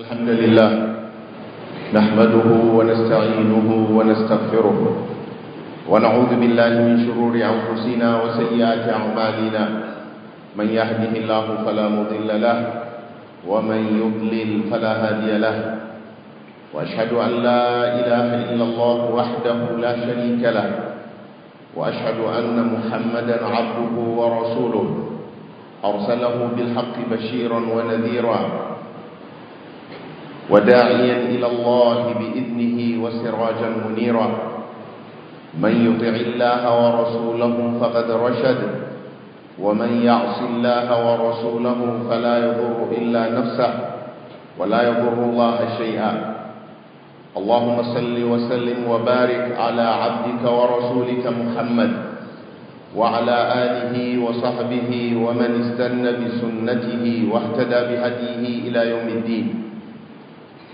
الحمد لله نحمده ونستعينه ونستغفره ونعوذ بالله من شرور أنفسنا وسيئات أعمالنا من يهده الله فلا مضل له ومن يضلل فلا هادي له وأشهد أن لا إله إلا الله وحده لا شريك له وأشهد أن محمدا عبده ورسوله أرسله بالحق بشيرا ونذيرا وداعيا إلى الله بإذنه وسراجا منيرا من يطع الله ورسوله فقد رشد ومن يعص الله ورسوله فلا يضر إلا نفسه ولا يضر الله شيئا اللهم صل وسلم وبارك على عبدك ورسولك محمد وعلى آله وصحبه ومن استنى بسنته واهتدى بهديه إلى يوم الدين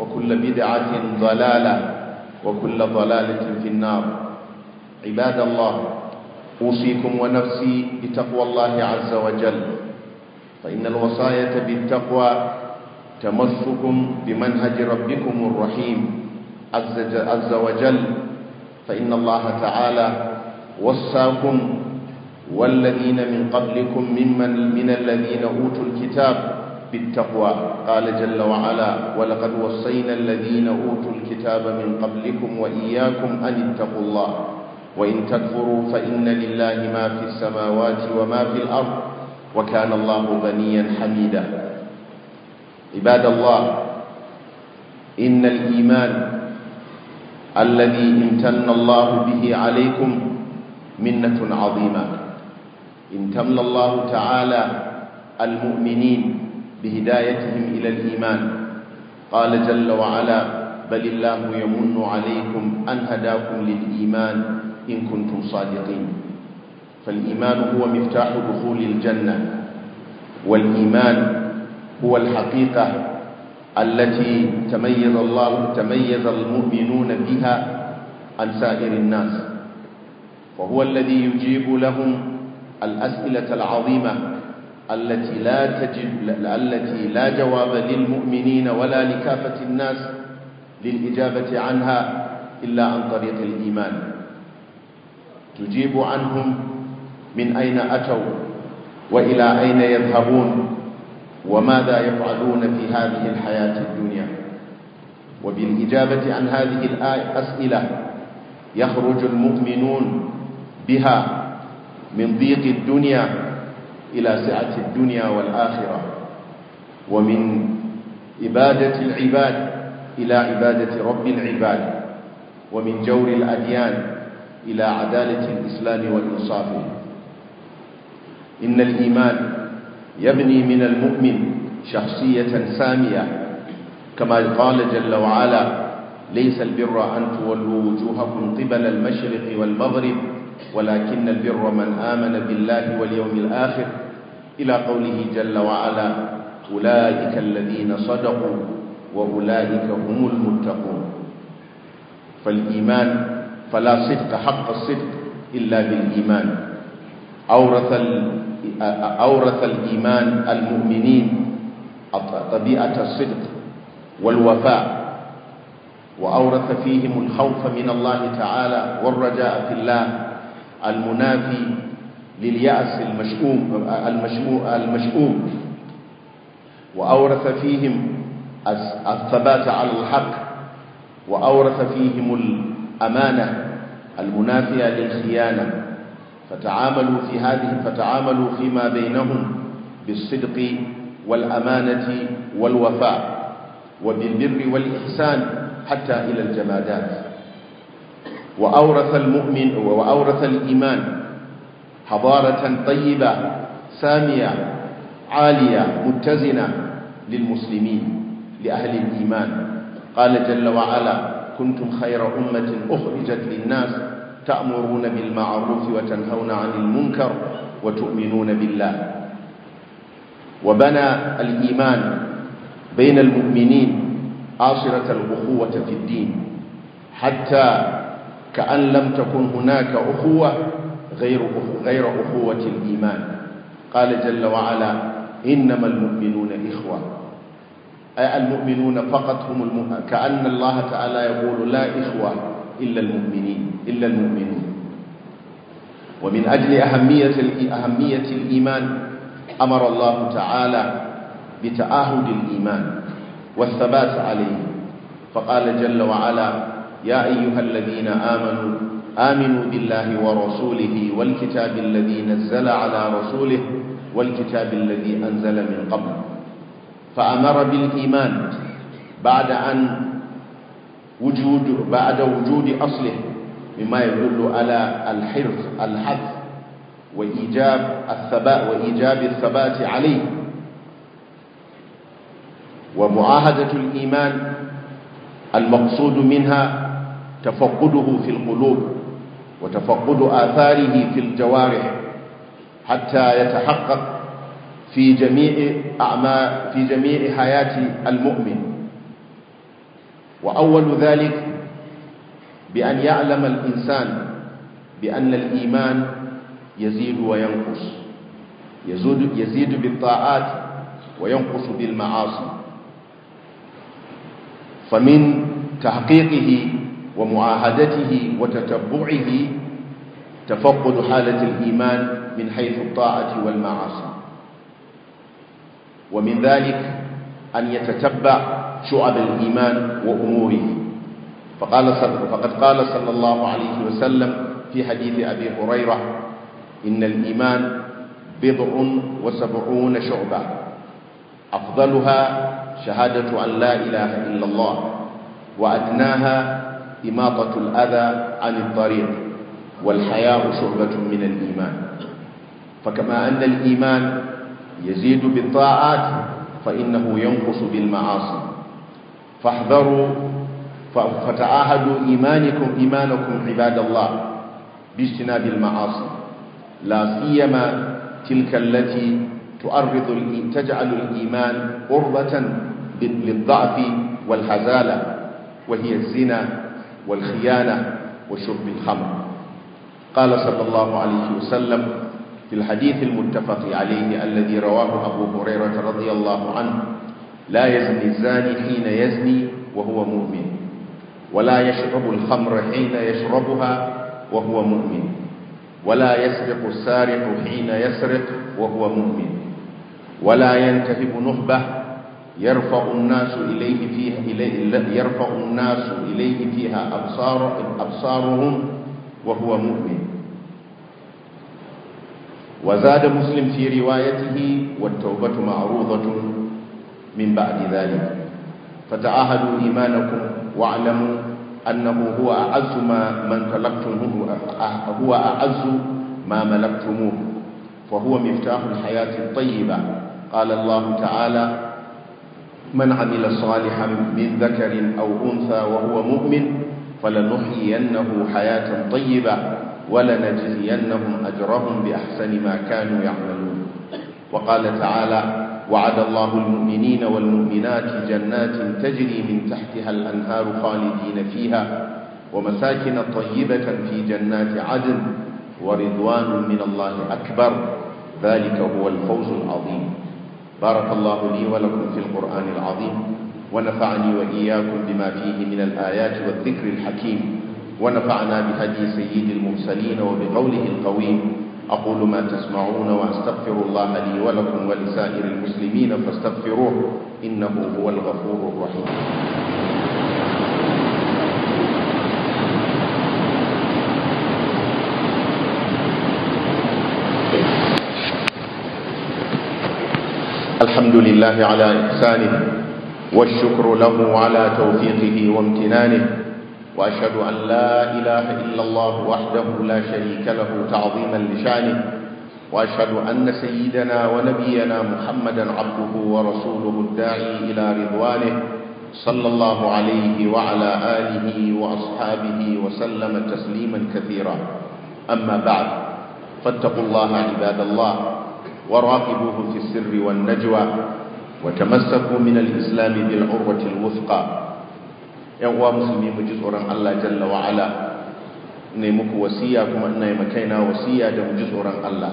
وكل بدعة ضلالة وكل ضلالة في النار عباد الله أوصيكم ونفسي بتقوى الله عز وجل فإن الوصاية بالتقوى تمسكم بمنهج ربكم الرحيم عز وجل فإن الله تعالى وصاكم والذين من قبلكم ممن من الذين أوتوا الكتاب بالتقوى قال جل وعلا ولقد وصينا الذين أوتوا الكتاب من قبلكم وإياكم أن اتقوا الله وإن تكفروا فإن لله ما في السماوات وما في الأرض وكان الله غنيا حميدا عباد الله إن الإيمان الذي امتن الله به عليكم منة عظيمة امتن الله تعالى المؤمنين بهدايتهم إلى الإيمان قال جل وعلا بل الله يمن عليكم أن هداكم للإيمان إن كنتم صادقين فالإيمان هو مفتاح دخول الجنة والإيمان هو الحقيقة التي تميز الله تميز المؤمنون بها عن سائر الناس وهو الذي يجيب لهم الأسئلة العظيمة التي لا تجب التي لا جواب للمؤمنين ولا لكافة الناس للإجابة عنها إلا عن طريق الإيمان تجيب عنهم من أين أتوا وإلى أين يذهبون وماذا يفعلون في هذه الحياة الدنيا وبالإجابة عن هذه الأسئلة يخرج المؤمنون بها من ضيق الدنيا إلى سعة الدنيا والآخرة ومن إبادة العباد إلى عبادة رب العباد ومن جور الأديان إلى عدالة الإسلام والإنصاف إن الإيمان يبني من المؤمن شخصية سامية كما قال جل وعلا ليس البر أن تولوا وجوهكم قبل المشرق والمغرب ولكن البر من آمن بالله واليوم الآخر إلى قوله جل وعلا أولئك الذين صدقوا وأولئك هم المتقون فالإيمان فلا صدق حق الصدق إلا بالإيمان أورث, أورث الإيمان المؤمنين طبيعة الصدق والوفاء وأورث فيهم الخوف من الله تعالى والرجاء في الله المنافي لليأس المشؤوم المشؤوم وأورث فيهم الثبات على الحق وأورث فيهم الأمانة المنافية للخيانة فتعاملوا في هذه فتعاملوا فيما بينهم بالصدق والأمانة والوفاء وبالبر والإحسان حتى إلى الجمادات وأورث المؤمن وأورث الإيمان حضارة طيبة سامية عالية متزنة للمسلمين لأهل الإيمان قال جل وعلا كنتم خير أمة أخرجت للناس تأمرون بالمعروف وتنهون عن المنكر وتؤمنون بالله وبنى الإيمان بين المؤمنين عاصرة الأخوة في الدين حتى كأن لم تكن هناك أخوة غير غير أخوة الإيمان قال جل وعلا إنما المؤمنون إخوة أي المؤمنون فقط هم المؤمنون كأن الله تعالى يقول لا إخوة إلا المؤمنين إلا المؤمنون ومن أجل أهمية أهمية الإيمان أمر الله تعالى بتعاهد الإيمان والثبات عليه فقال جل وعلا يا أيها الذين آمنوا آمنوا بالله ورسوله والكتاب الذي نزل على رسوله والكتاب الذي أنزل من قبل فأمر بالإيمان بعد أن وجود بعد وجود أصله مما يدل على الحرص الحث وإيجاب الثبات وإيجاب الثبات عليه ومعاهدة الإيمان المقصود منها تفقده في القلوب وتفقد آثاره في الجوارح حتى يتحقق في جميع أعمال في جميع حياة المؤمن وأول ذلك بأن يعلم الإنسان بأن الإيمان يزيد وينقص يزيد, يزيد بالطاعات وينقص بالمعاصي فمن تحقيقه ومعاهدته وتتبعه تفقد حالة الإيمان من حيث الطاعة والمعاصي ومن ذلك أن يتتبع شعب الإيمان وأموره فقال فقد قال صلى الله عليه وسلم في حديث أبي هريرة إن الإيمان بضع وسبعون شعبة أفضلها شهادة أن لا إله إلا الله وأدناها إماطة الأذى عن الطريق والحياء شعبة من الإيمان فكما أن الإيمان يزيد بالطاعات فإنه ينقص بالمعاصي فاحذروا فتعاهدوا إيمانكم إيمانكم عباد الله باجتناب المعاصي لا سيما تلك التي تؤرض تجعل الإيمان قربة للضعف والهزالة وهي الزنا والخيانة وشرب الخمر قال صلى الله عليه وسلم في الحديث المتفق عليه الذي رواه أبو هريرة رضي الله عنه لا يزني الزاني حين يزني وهو مؤمن ولا يشرب الخمر حين يشربها وهو مؤمن ولا يسرق السارق حين يسرق وهو مؤمن ولا ينتهب نخبه يرفع الناس إليه فيها إليه يرفع الناس إليه فيها أبصار أبصارهم وهو مؤمن وزاد مسلم في روايته والتوبة معروضة من بعد ذلك فتعاهدوا إيمانكم واعلموا أنه هو أعز ما من تلقتموه هو أعز ما ملكتموه فهو مفتاح الحياة الطيبة قال الله تعالى من عمل صالحا من ذكر أو أنثى وهو مؤمن فلنحيينه حياة طيبة ولنجزينهم أجرهم بأحسن ما كانوا يعملون وقال تعالى وعد الله المؤمنين والمؤمنات جنات تجري من تحتها الأنهار خالدين فيها ومساكن طيبة في جنات عدن ورضوان من الله أكبر ذلك هو الفوز العظيم بارك الله لي ولكم في القرآن العظيم ونفعني وإياكم بما فيه من الآيات والذكر الحكيم ونفعنا بهدي سيد المرسلين وبقوله القويم أقول ما تسمعون وأستغفر الله لي ولكم ولسائر المسلمين فاستغفروه إنه هو الغفور الرحيم الحمد لله على إحسانه والشكر له على توفيقه وامتنانه وأشهد أن لا إله إلا الله وحده لا شريك له تعظيما لشانه وأشهد أن سيدنا ونبينا محمدا عبده ورسوله الداعي إلى رضوانه صلى الله عليه وعلى آله وأصحابه وسلم تسليما كثيرا أما بعد فاتقوا الله عباد الله وراقبوه في السر والنجوى وتمسكوا من الإسلام بالعروة الوثقى يغوى مسلمين مجزء رم الله جل وعلا نيمك وسيا كما أن يمكينا وسيا دم جزء رم الله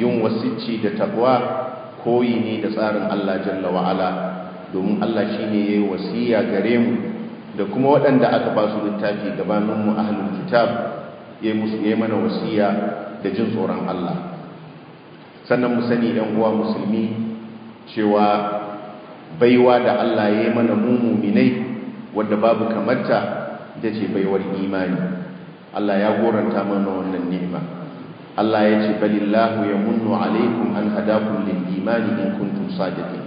يوم وسيتي دتقوى كويني دسار الله جل وعلا domin Allah shi ne ya yi wasiya gare mu da kuma waɗanda aka ba su littafi gabaninmu ahalin kitab ya yi mana wasiya da jin tsoron Allah sannan mu sani yan uwa musulmi cewa baiwa da Allah ya yi mana mu muminai wadda babu kamarta ita ce baiwar imani Allah ya goranta mana wannan ni'ima Allah ya ce balillahu ya munnu alaikum an hadakum lil imani in kuntum sadiqin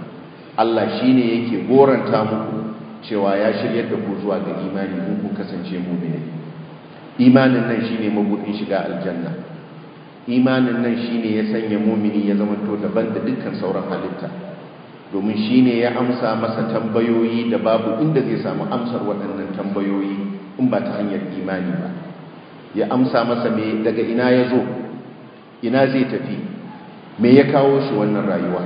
Allah shine yake goranta muku cewa ya shirya da ku zuwa ga imani in kun kasance mu'mini imanin nan shine mabudin shiga aljanna imanin nan shine ya sanya mumini ya zama to daban da dukkan sauran halitta domin shine ya amsa masa tambayoyi da babu inda zai samu amsar waɗannan tambayoyi in ba ta hanyar imani ba ya amsa masa me daga ina ya zo ina zai tafi me ya kawo shi wannan rayuwa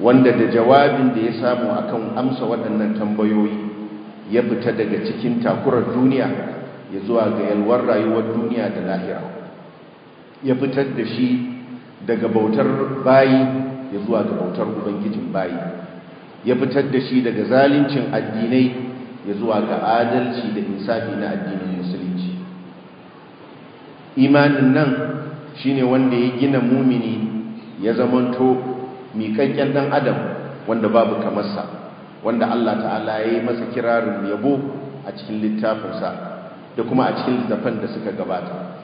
wanda da jawabin da ya samu akan amsa waɗannan tambayoyi ya fita daga cikin takurar duniya ya zuwa ga yalwar rayuwar duniya da lahira ya fitar da shi daga bautar bayi ya zuwa ga bautar ubangijin bayi ya fitar da shi daga zaluncin addinai ya zuwa ga adalci da insafi na addinin musulunci imanin nan shine wanda ya gina mumini ya zamanto miƙaƙƙen ɗan adam wanda babu kamarsa wanda Allah ta'ala ya yi masa kirarin yabo a cikin littafinsa da kuma a cikin littafin da suka gabata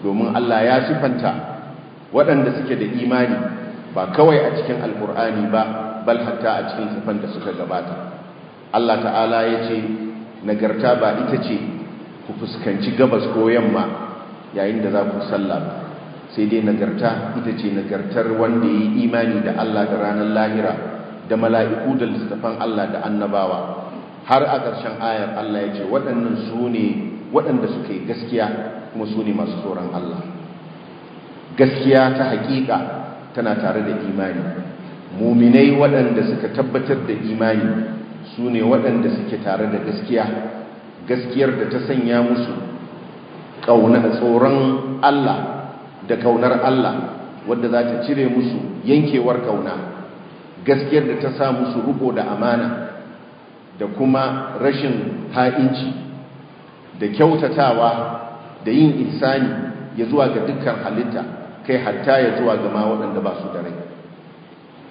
domin Allah ya sifanta waɗanda suke da imani ba kawai a cikin alkur'ani ba bal hatta a cikin sifan da suka gabata Allah ta'ala ya ce nagarta ba ita ce ku fuskanci gabas ko yamma yayin da za ku sallah sai dai nagarta ita ce nagartar wanda ya yi imani da Allah da ranar lahira da mala'iku da littafan Allah da annabawa har a ƙarshen ayar Allah ya ce waɗannan su ne waɗanda suka yi gaskiya kuma su ne masu tsoron Allah gaskiya ta haƙiƙa tana tare da imani muminai waɗanda suka tabbatar da imani su ne waɗanda suke tare da gaskiya gaskiyar da ta sanya musu ƙauna tsoron Allah da ƙaunar Allah wadda za ta cire musu yankewar ƙauna gaskiyar da ta sa musu ruko da amana da kuma rashin ha'inci da kyautatawa da yin insani ya zuwa ga dukkan halitta kai hatta ya zuwa ga ma waɗanda ba su da rai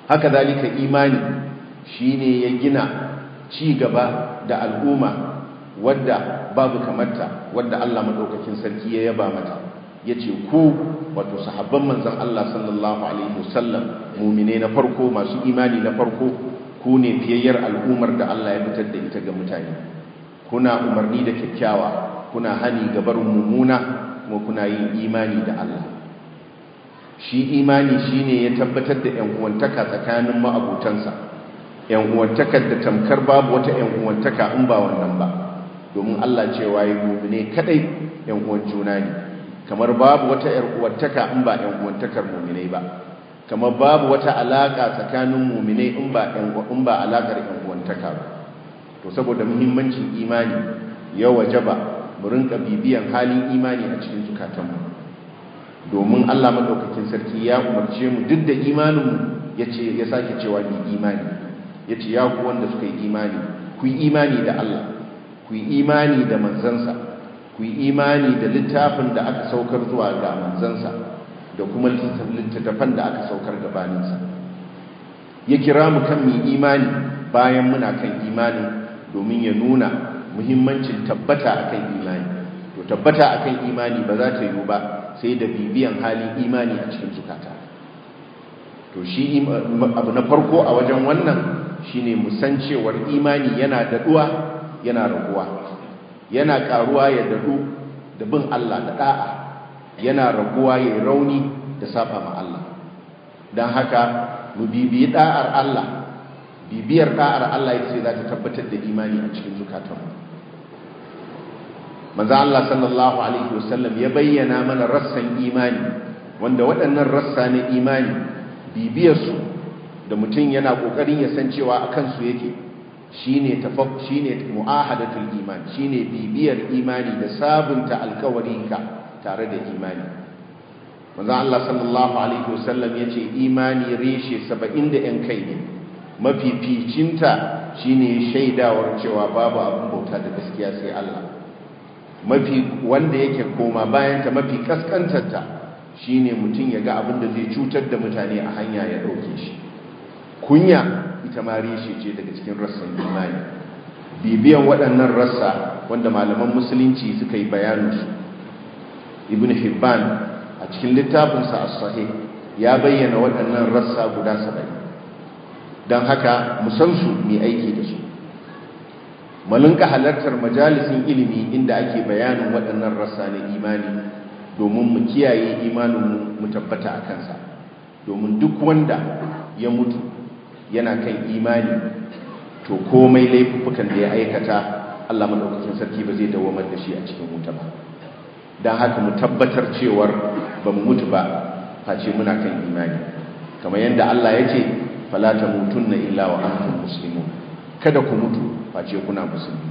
haka zalika imani shi ne ya gina ci gaba da al'umma wadda babu kamarta wadda Allah maɗaukakin sarki ya yaba mata ya ce ku wato sahabban manzan Allah sallallahu alaihi wasallam mu'mine na farko masu imani na farko ku ne fiyayyar al'ummar da Allah ya fitar da ita ga mutane kuna umarni da kyakkyawa kuna hani ga barin mummuna kuma kuna yin imani da Allah shi imani shi ne ya tabbatar da ƴan uwantaka tsakanin ma'abutansa ƴan uwantakar da tamkar babu wata ƴan uwantaka in ba wannan ba domin Allah cewa yi ne kadai ƴan uwan juna ne kamar babu wata ƴan uwantaka in ba ƴan uwantakar mu'mine ba kamar babu wata alaka tsakanin mu'mine in ba in ba alakar ƴan uwantaka ba to saboda muhimmancin imani ya wajaba mu rinka bibiyan halin imani a cikin zukatanmu domin Allah maɗaukakin sarki ya umarce mu duk da imaninmu ya ce ya sake cewa ni imani yace ya ku wanda suka yi imani ku yi imani da Allah ku yi imani da manzansa ku yi imani da littafin da aka saukar zuwa ga manzansa da kuma littattafan da aka saukar gabaninsa ya kira mu kan mu imani bayan muna kan imanin domin ya nuna muhimmancin tabbata akan imani to tabbata akan imani ba za ta yiwu ba sai da bibiyan halin imani a cikin zukata to shi abu na farko a wajen wannan shine musan cewar imani yana daɗuwa yana raguwa yana karuwa ya daɗu da bin Allah da da'a yana raguwa ya rauni da safa ma Allah don haka mu bibiyi ɗa'ar Allah bibiyar ka'ar Allah ce za ta tabbatar da imani a cikin zukatanmu manzo Allah sallallahu alaihi wasallam ya bayyana mana rassan imani wanda waɗannan rassa na imani bibiyar su da mutum yana kokarin ya san cewa akan su yake shine shine muahadatul iman shine bibiyar imani da sabunta alkawarinka tare da imani manzo Allah sallallahu alaihi wasallam yace imani reshe 70 da yan kai ne mafificinta shine shaidawar cewa babu abin bauta da gaskiya sai Allah mafi wanda yake koma bayanta ta mafi kaskantarta shine mutum ya ga abin da zai cutar da mutane a hanya ya dauke shi kunya ita ma reshe ce daga cikin rassan imani bibiyan waɗannan rassa wanda malaman musulunci suka yi bayaninsu ibn hibban a cikin littafinsa a sahih ya bayyana waɗannan rassa guda saba'in don haka mu san su aiki da su malinka halartar majalisin ilimi inda ake bayanin waɗannan rassa na imani domin mu kiyaye imaninmu mu tabbata a kansa domin duk wanda ya mutu yana kan imani to komai laifukan da ya aikata Allah maɗaukacin sarki ba zai dawamar da shi a cikin wuta ba don haka mu tabbatar cewar ba mu mutu ba face muna kan imani kamar yadda Allah ya ce fala tamutunna illa wa antum muslimun kada ku mutu face kuna musulmi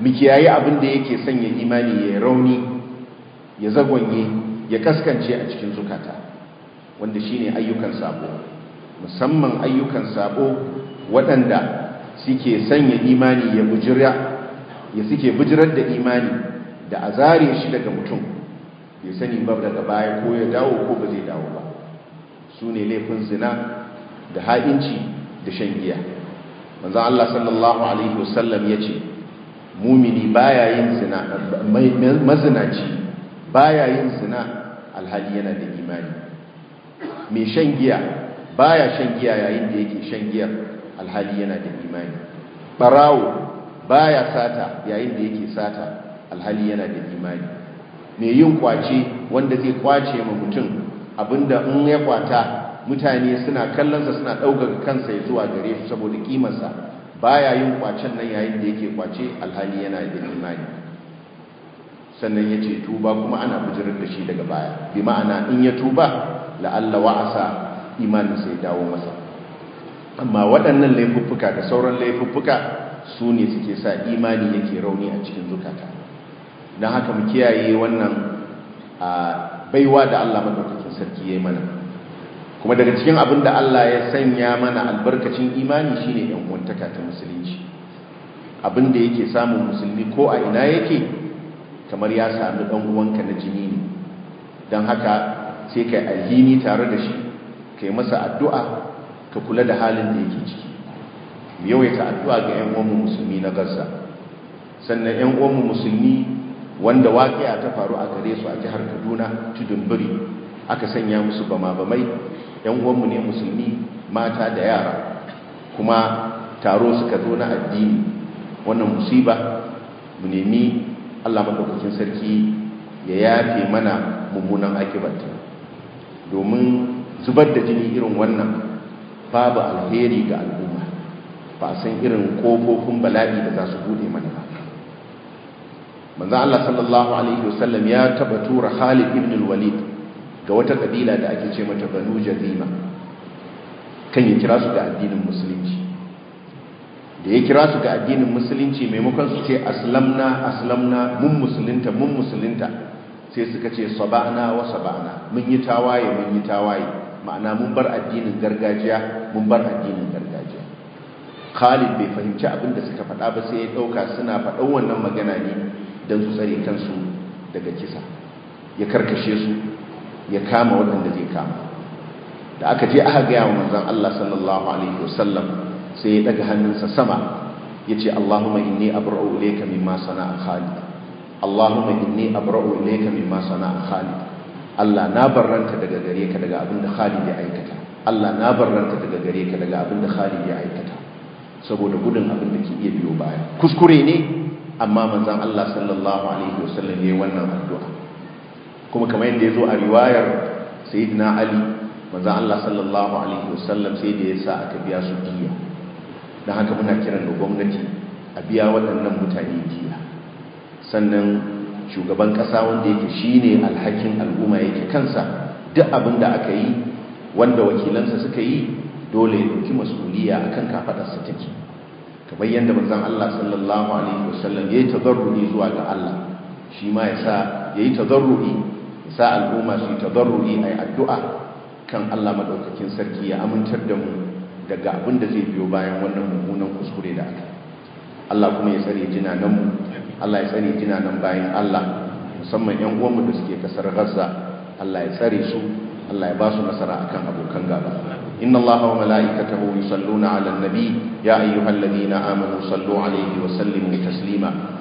mikiyayi abin da yake sanya imani ya rauni ya zagwanye ya kaskance a cikin zukata wanda shine ayyukan sabo musamman ayyukan sabo waɗanda suke sanya imani ya bujira ya suke bujirar da imani da azare shi daga mutum bai sani ba daga baya ko ya dawo ko ba zai dawo ba su ne laifin zina da ha'inci da shan giya manzo Allah sallallahu alaihi wasallam yace mumini baya yin zina mazinaci baya yin zina alhali yana da imani mai shan giya baya shan giya yayin da yake shan giyar alhali yana da imani barawo baya sata yayin da yake sata alhali yana da imani mai yin kwace wanda zai kwace ma mutum abinda in ya kwata mutane suna kallonsa suna ɗaukar kansa ya zuwa gare shi saboda kimarsa baya yin kwacen nan yayin da yake kwace alhali yana da imani sannan ya ce tuba kuma ana bujirar da shi daga baya bi ma'ana in ya tuba la'alla wa'asa imanin sai dawo masa amma waɗannan laifuffuka da sauran laifuffuka su ne suke sa imani yake rauni a cikin zukata don haka mu kiyaye wannan ah, baiwa da Allah madaukakin sarki ya yi mana kuma daga cikin abin da Allah ya sanya mana albarkacin imani shine yan uwantaka ta musulunci abin da yake samun musulmi ko a ina yake kamar ya sami dan uwanka na jini ne don haka sai kai alhini tare da shi kai masa addu'a ka kula da halin da yake ciki yawaita addu'a ga yan uwanmu musulmi na Gaza sannan yan uwanmu musulmi wanda waƙiya ta faru a gare su a jihar Kaduna tudun biri aka sanya musu bama-bamai yan uwanmu ne musulmi mata da yara kuma taro suka zo na addini wannan musiba mu nemi Allah madaukakin sarki ya yafe mana mummunan akibarta domin zubar da jini irin wannan babu alheri ga al'umma ba a san irin kofofin bala'i da za su bude mana ba manzo Allah sallallahu alaihi wasallam ya taba tura Khalid ibn al-Walid ga wata kabila da ake ce mata banu jazima kan ya kira su ga addinin musulunci da ya kira su ga addinin musulunci maimakon su ce aslamna aslamna mun musulunta mun musulunta sai suka ce saba'na wa saba'na mun yi tawaye mun yi tawaye ma'ana mun bar addinin gargajiya mun bar addinin gargajiya Khalid bai fahimci abin da suka faɗa ba sai ya ɗauka suna faɗan wannan magana ne don su tsare kansu daga kisa ya karkashe su ya kama waɗanda zai kama da aka je aka gaya wa manzan Allah sallallahu alaihi wasallam sai ya ɗaga hannunsa sama ya ce Allahumma inni abra'u ilayka mimma sana'a Khalid Allahumma inni abra'u ilayka mimma sana'a Khalid Allah na barranta daga gare ka daga abin da Khalid ya aikata Allah na barranta daga gare ka daga abin da Khalid ya aikata saboda gudun abin da ke iya biyo baya kuskure ne amma manzan Allah sallallahu alaihi wasallam yayin wannan addu'a kuma kamar yadda ya zo a riwayar sayidina ali manzan allah sallallahu alaihi wasallam sai da ya sa aka biya su diya don haka muna kiran da gwamnati a biya waɗannan mutane diya sannan shugaban ƙasa wanda yake shi ne alhakin al'umma yake kansa duk abin da aka yi wanda wakilansa suka yi dole ya ɗauki masuliya a kan kafaɗarsa take kamar yadda manzan Allah sallallahu alaihi wasallam ya yi tazarruɗi zuwa ga Allah shi ma ya sa ya yi tazarruɗi sa al'umma su tabarruri yi addu'a kan Allah madaukakin sarki ya amintar da mu daga abin da zai biyo bayan wannan mummunan kuskure da aka Allah kuma ya tsare jinanan Allah ya tsare jinanan bayan Allah musamman yan uwanmu da suke kasar Gaza Allah ya tsare su Allah ya ba su nasara akan abokan gaba inna allaha wa mala'ikatahu yusalluna 'alan nabi ya ayyuhalladhina amanu sallu 'alayhi wa sallimu taslima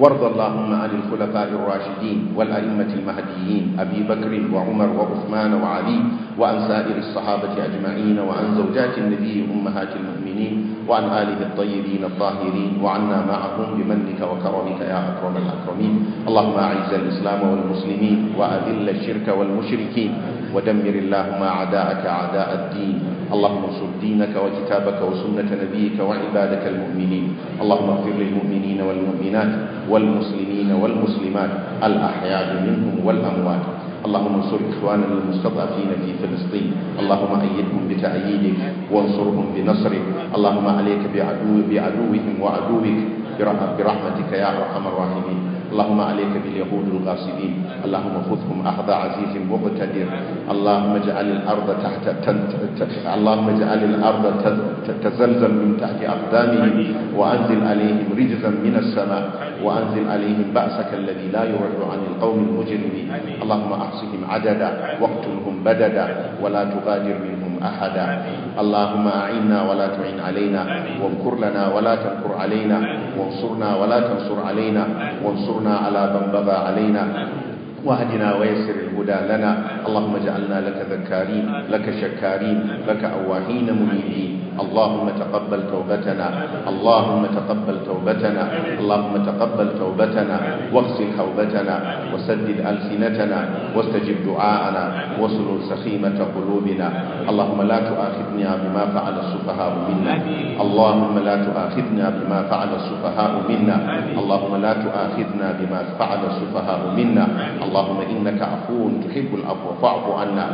وارض اللهم عن الخلفاء الراشدين والأئمة المهديين أبي بكر وعمر وعثمان وعلي وعن سائر الصحابة أجمعين وعن زوجات النبي أمهات المؤمنين وعن آله الطيبين الطاهرين وعنا معهم بمنك وكرمك يا أكرم الأكرمين اللهم أعز الإسلام والمسلمين وأذل الشرك والمشركين ودمر اللهم أعداءك أعداء الدين اللهم انصر دينك وكتابك وسنة نبيك وعبادك المؤمنين اللهم اغفر للمؤمنين والمؤمنات والمسلمين والمسلمات الأحياء منهم والأموات اللهم انصر إخواننا المستضعفين في فلسطين اللهم أيدهم بتأييدك وانصرهم بنصرك اللهم عليك بعدو بعدوهم وعدوك برحمتك يا أرحم الراحمين اللهم عليك باليهود الغاصبين اللهم خذهم أخذ عزيز مقتدر اللهم اجعل الأرض تحت اللهم اجعل الأرض تزلزل من تحت أقدامهم وأنزل عليهم رجزا من السماء وأنزل عليهم بأسك الذي لا يرد عن القوم المجرمين اللهم أحصهم عددا واقتلهم بددا ولا تغادر منهم أحدا اللهم أعنا ولا تعن علينا وانكر لنا ولا تنكر علينا وانصرنا ولا تنصر علينا وانصرنا على من بغى علينا واهدنا ويسر الهدى لنا اللهم اجعلنا لك ذكارين لك شكارين لك أواهين منيبين اللهم تقبل توبتنا اللهم تقبل توبتنا اللهم تقبل توبتنا واغسل حوبتنا وسدد ألسنتنا واستجب دعاءنا وسلل سخيمة قلوبنا اللهم لا تؤاخذنا بما فعل السفهاء منا اللهم لا تؤاخذنا بما فعل السفهاء منا اللهم لا تؤاخذنا بما فعل السفهاء منا اللهم إنك عفو تحب العفو فاعف عنا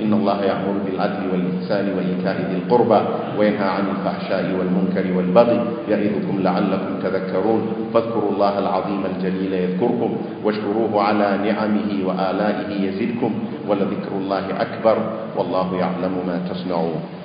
إن الله يأمر بالعدل والإحسان وإيتاء ذي القربى وينهى عن الفحشاء والمنكر والبغي يعظكم لعلكم تذكرون فاذكروا الله العظيم الجليل يذكركم واشكروه على نعمه وآلائه يزدكم ولذكر الله أكبر والله يعلم ما تصنعون